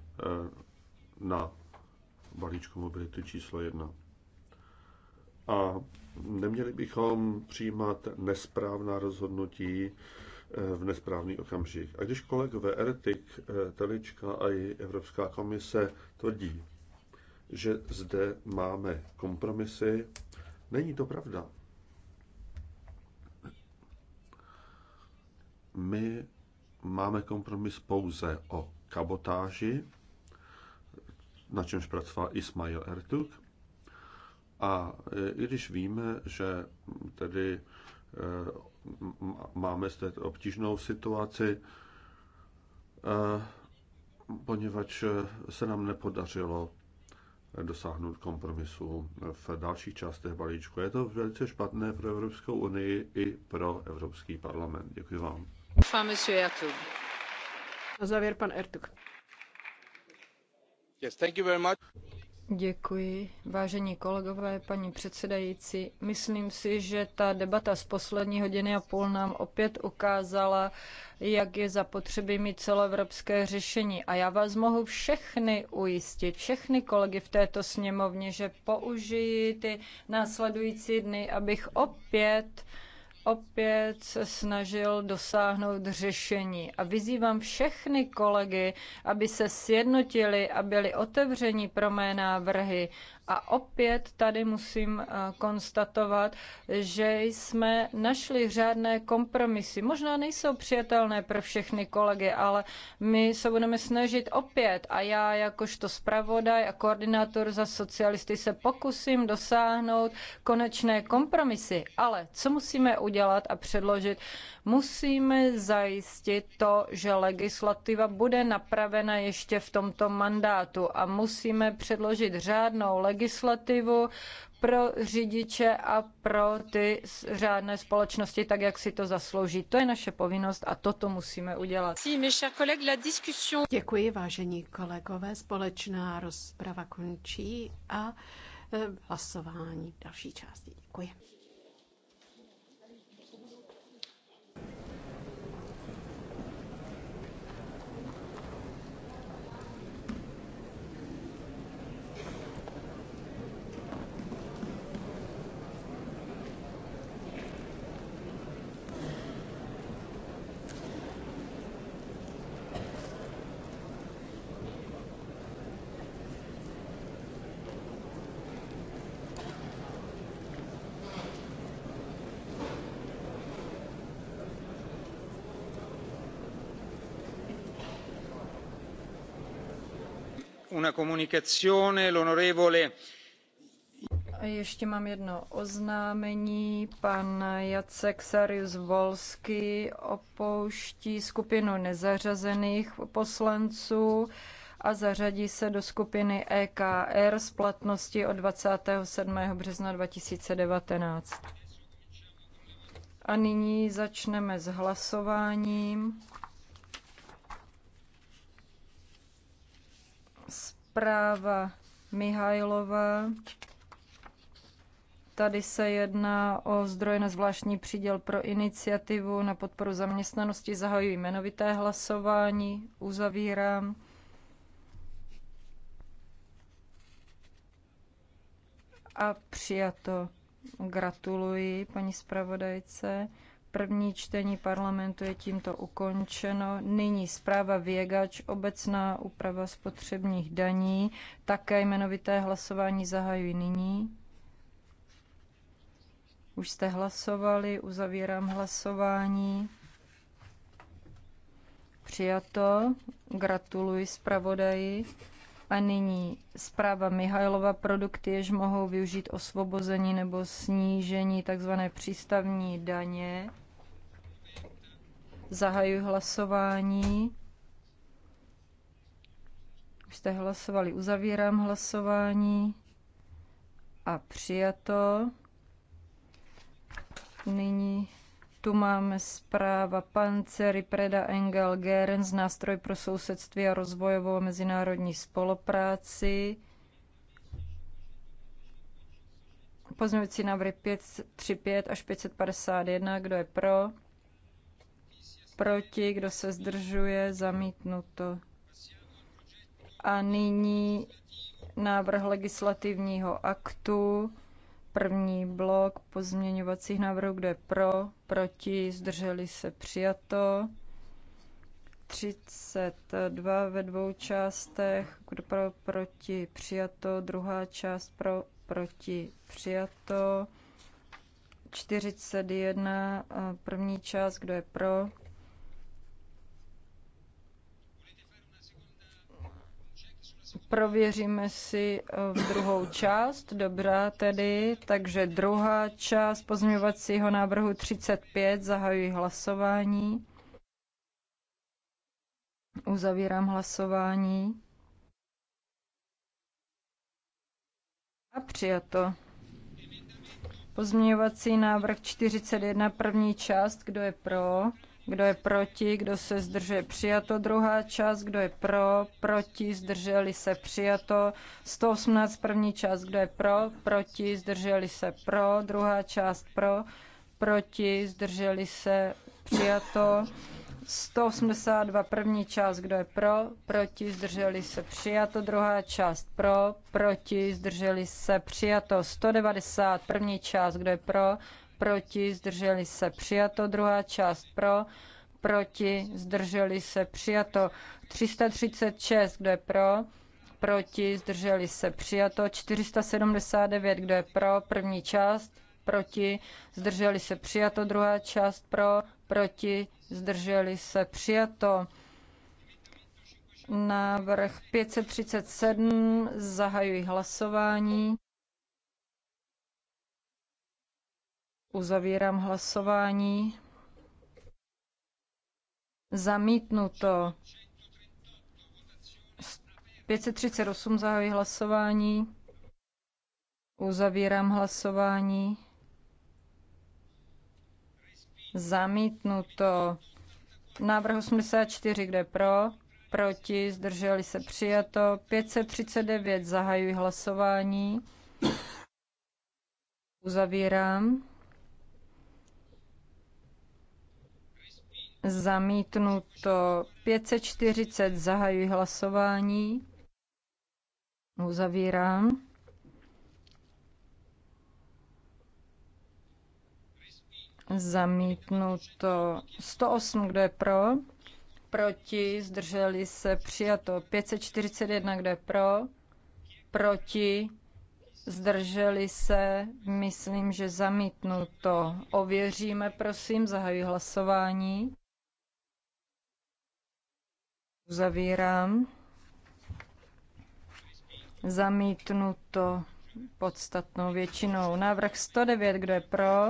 na balíčku mobility číslo jedna a neměli bychom přijímat nesprávná rozhodnutí eh, v nesprávný okamžik. A když kolegové Ertik, eh, Telička a i Evropská komise tvrdí, že zde máme kompromisy, není to pravda. My máme kompromis pouze o kabotáži, na čemž pracoval Ismail Ertuk, a e, i když víme, že tedy e, máme zde obtížnou situaci, e, poněvadž se nám nepodařilo dosáhnout kompromisu v dalších částech balíčku. Je to velice špatné pro Evropskou unii i pro Evropský parlament. Děkuji vám. Na závěr pan Ertug. Yes, thank you very much. Děkuji. Vážení kolegové, paní předsedající, myslím si, že ta debata z poslední hodiny a půl nám opět ukázala, jak je zapotřebí mít celoevropské řešení. A já vás mohu všechny ujistit, všechny kolegy v této sněmovně, že použiji ty následující dny, abych opět opět se snažil dosáhnout řešení. A vyzývám všechny kolegy, aby se sjednotili a byli otevřeni pro mé návrhy, a opět tady musím eh, konstatovat, že jsme našli řádné kompromisy. Možná nejsou přijatelné pro všechny kolegy, ale my se budeme snažit opět. A já jakožto zpravodaj a koordinátor za socialisty se pokusím dosáhnout konečné kompromisy. Ale co musíme udělat a předložit? Musíme zajistit to, že legislativa bude napravena ještě v tomto mandátu a musíme předložit řádnou legislativu pro řidiče a pro ty řádné společnosti, tak jak si to zaslouží. To je naše povinnost a toto musíme udělat. Děkuji, vážení kolegové. Společná rozprava končí a e, hlasování další části. Děkuji. ještě mám jedno oznámení. Pan Jacek saryusz wolski opouští skupinu nezařazených poslanců a zařadí se do skupiny EKR s platností od 27. března 2019. A nyní začneme s hlasováním. Zpráva Mihajlova. Tady se jedná o zdroje na zvláštní příděl pro iniciativu na podporu zaměstnanosti. Zahajuji jmenovité hlasování, uzavírám. A přijato. Gratuluji paní zpravodajce. První čtení parlamentu je tímto ukončeno. Nyní zpráva Věgač, obecná úprava spotřebních daní. Také jmenovité hlasování zahajuji nyní. Už jste hlasovali, uzavírám hlasování. Přijato. Gratuluji zpravodaji. A nyní zpráva Mihajlova produkty, jež mohou využít osvobození nebo snížení tzv. přístavní daně. Zahajuji hlasování. Už jste hlasovali, uzavírám hlasování a přijato. Nyní tu máme zpráva Pance Ripreda Engel Gerens, nástroj pro sousedství a rozvojovou mezinárodní spolupráci. Pozměňující návrhy 535 až 551, kdo je pro? proti, kdo se zdržuje, zamítnuto. A nyní návrh legislativního aktu, první blok pozměňovacích návrhů, kde pro, proti, zdrželi se, přijato. 32 ve dvou částech, kdo pro, proti, přijato, druhá část pro, proti, přijato. 41, první část, kdo je pro, Prověříme si eh, v druhou část. Dobrá tedy, takže druhá část pozměňovacího návrhu 35. Zahajuji hlasování. Uzavírám hlasování. A přijato. Pozměňovací návrh 41, první část. Kdo je pro? Kdo je proti? Kdo se zdržuje? Přijato. Druhá část. Kdo je pro? Proti? Zdrželi se? Přijato. 118. První část. Kdo je pro? Proti? Zdrželi se? Pro. Druhá část. Pro. Proti? Zdrželi se? Přijato. 182. První část. Kdo je pro? Proti? Zdrželi se? Přijato. Druhá část. Pro. Proti? Zdrželi se? Přijato. 190. První část. Kdo je pro? proti, zdrželi se přijato, druhá část pro, proti, zdrželi se přijato, 336, kdo je pro, proti, zdrželi se přijato, 479, kdo je pro, první část, proti, zdrželi se přijato, druhá část pro, proti, zdrželi se přijato. Návrh 537, zahajuji hlasování. Uzavírám hlasování. Zamítnuto. 538 zahajuji hlasování. Uzavírám hlasování. Zamítnuto. Návrh 84, kde pro? Proti, zdrželi se přijato. 539 zahajuji hlasování. Uzavírám. Zamítnuto 540, zahajuji hlasování. Uzavírám. Zamítnuto 108, kdo je pro? Proti, zdrželi se, přijato 541, kdo je pro? Proti, zdrželi se, myslím, že zamítnuto. Ověříme, prosím, zahajuji hlasování. Uzavírám. Zamítnuto podstatnou většinou. Návrh 109, kdo je pro?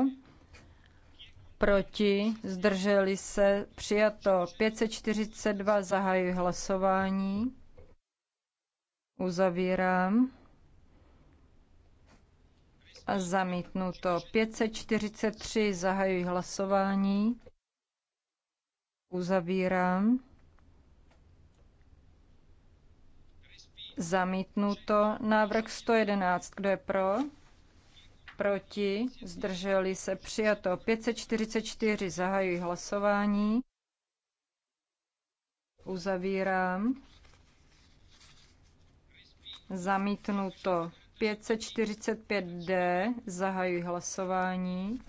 Proti? Zdrželi se? Přijato. 542, zahajuji hlasování. Uzavírám. A zamítnuto. 543, zahajuji hlasování. Uzavírám. Zamítnuto. Návrh 111. Kdo je pro? Proti? Zdrželi se? Přijato. 544. Zahajuji hlasování. Uzavírám. Zamítnuto. 545D. Zahajuji hlasování.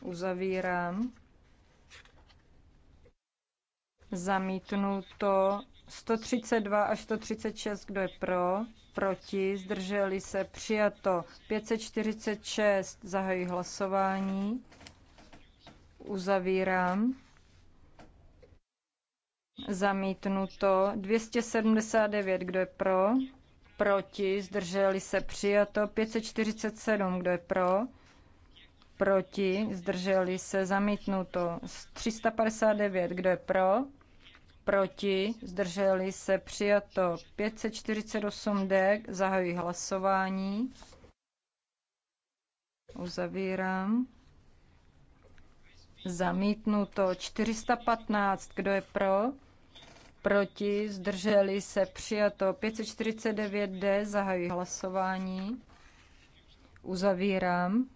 Uzavírám. Zamítnuto 132 až 136, kdo je pro, proti, zdrželi se, přijato. 546, zahají hlasování, uzavírám. Zamítnuto. 279, kdo je pro? Proti, zdrželi se, přijato. 547, kdo je pro? Proti, zdrželi se, zamítnuto. 359, kdo je pro? proti, zdrželi se přijato 548D, zahajuji hlasování. Uzavírám. Zamítnuto 415, kdo je pro? Proti, zdrželi se přijato 549D, zahajuji hlasování. Uzavírám.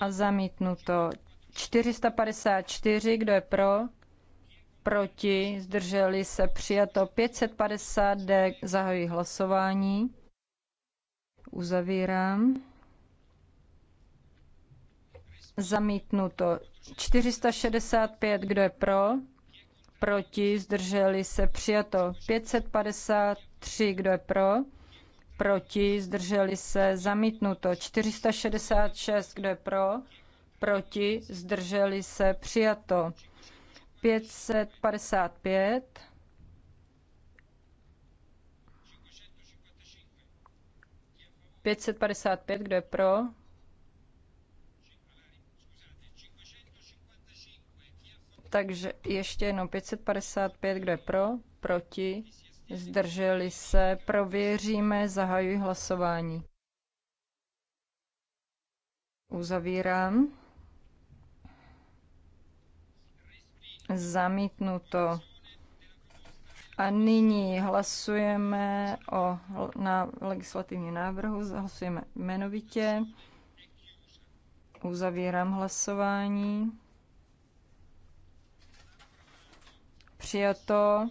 A zamítnuto 454, kdo je pro? Proti, zdrželi se, přijato 550 D, zahajuji hlasování. Uzavírám. Zamítnuto 465, kdo je pro? Proti, zdrželi se, přijato 553, kdo je pro? Proti, zdrželi se, zamítnuto 466, kdo je pro? proti, zdrželi se, přijato. 555. 555, kdo je pro? Takže ještě jenom 555, kdo je pro, proti, zdrželi se, prověříme, zahajuji hlasování. Uzavírám. Zamítnuto. A nyní hlasujeme o na legislativní návrhu, hlasujeme jmenovitě. Uzavírám hlasování. Přijato.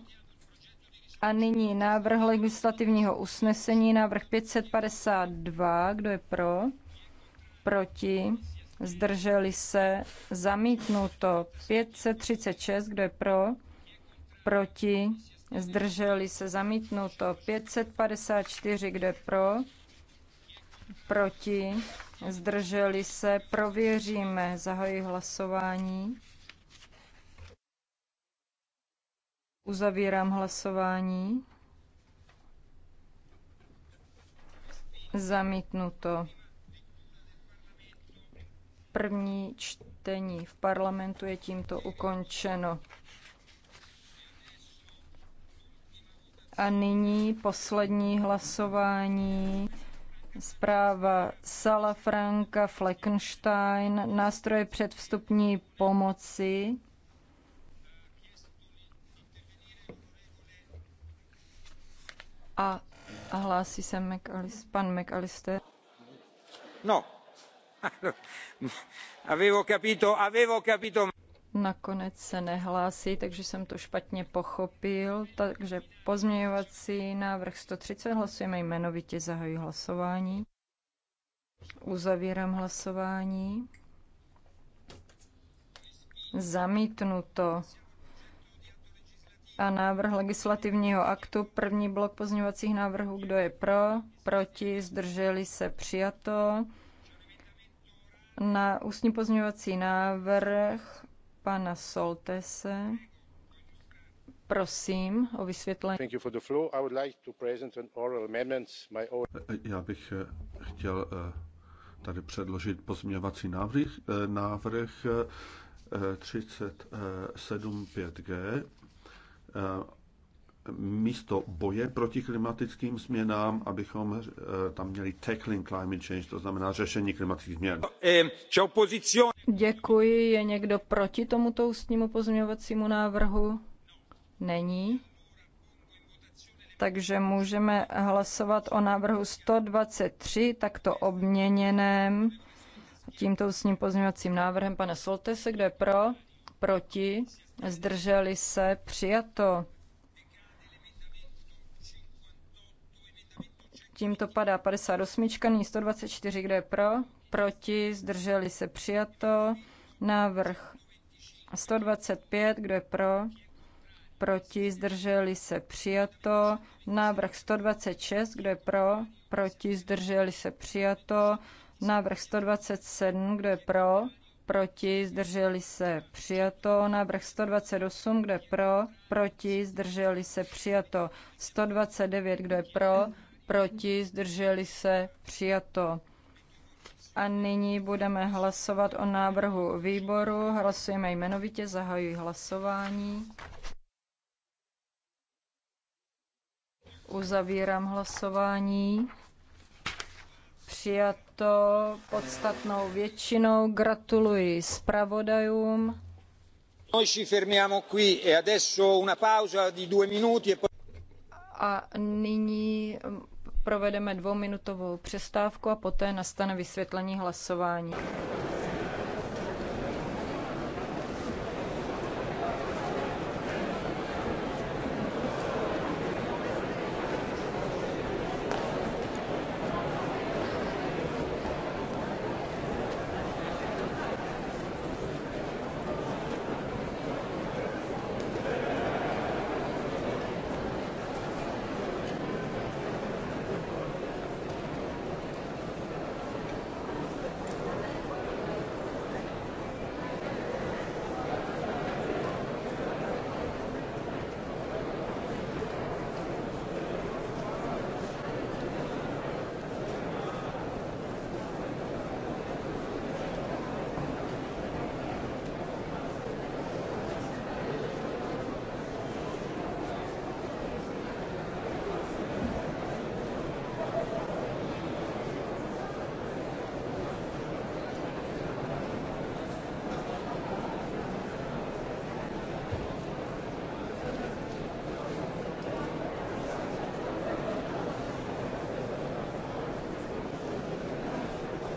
A nyní návrh legislativního usnesení, návrh 552. Kdo je pro? Proti? zdrželi se, zamítnuto 536, kdo je pro, proti, zdrželi se, zamítnuto 554, kdo je pro, proti, zdrželi se, prověříme, zahají hlasování. Uzavírám hlasování. Zamítnuto. První čtení v parlamentu je tímto ukončeno. A nyní poslední hlasování. Zpráva Sala Franka Fleckenstein, nástroje předvstupní pomoci. A, a hlásí se McAllister, pan McAllister. No, Nakonec se nehlásí, takže jsem to špatně pochopil. Takže pozměňovací návrh 130 hlasujeme jmenovitě, zahajuji hlasování. Uzavírám hlasování. Zamítnuto. A návrh legislativního aktu, první blok pozměňovacích návrhů, kdo je pro, proti, zdrželi se, přijato na ústní pozměňovací návrh pana Soltese. Prosím o vysvětlení. Já bych eh, chtěl eh, tady předložit pozměňovací eh, návrh, návrh 37.5g místo boje proti klimatickým změnám, abychom eh, tam měli tackling climate change, to znamená řešení klimatických změn. Děkuji. Je někdo proti tomuto ústnímu pozměňovacímu návrhu? Není. Takže můžeme hlasovat o návrhu 123, takto obměněném tímto ústním pozměňovacím návrhem. Pane Soltese, kdo je pro? Proti? Zdrželi se? Přijato. tímto padá 58, nyní 124, kdo je pro, proti, zdrželi se přijato, návrh 125, kdo je pro, proti, zdrželi se přijato, návrh 126, kdo je pro, proti, zdrželi se přijato, návrh 127, kdo je pro, proti, zdrželi se přijato, návrh 128, kdo je pro, proti, zdrželi se přijato, 129, kdo je pro, proti, zdrželi se, přijato. A nyní budeme hlasovat o návrhu výboru. Hlasujeme jmenovitě, zahajuji hlasování. Uzavírám hlasování. Přijato podstatnou většinou. Gratuluji zpravodajům. A nyní provedeme dvouminutovou přestávku a poté nastane vysvětlení hlasování.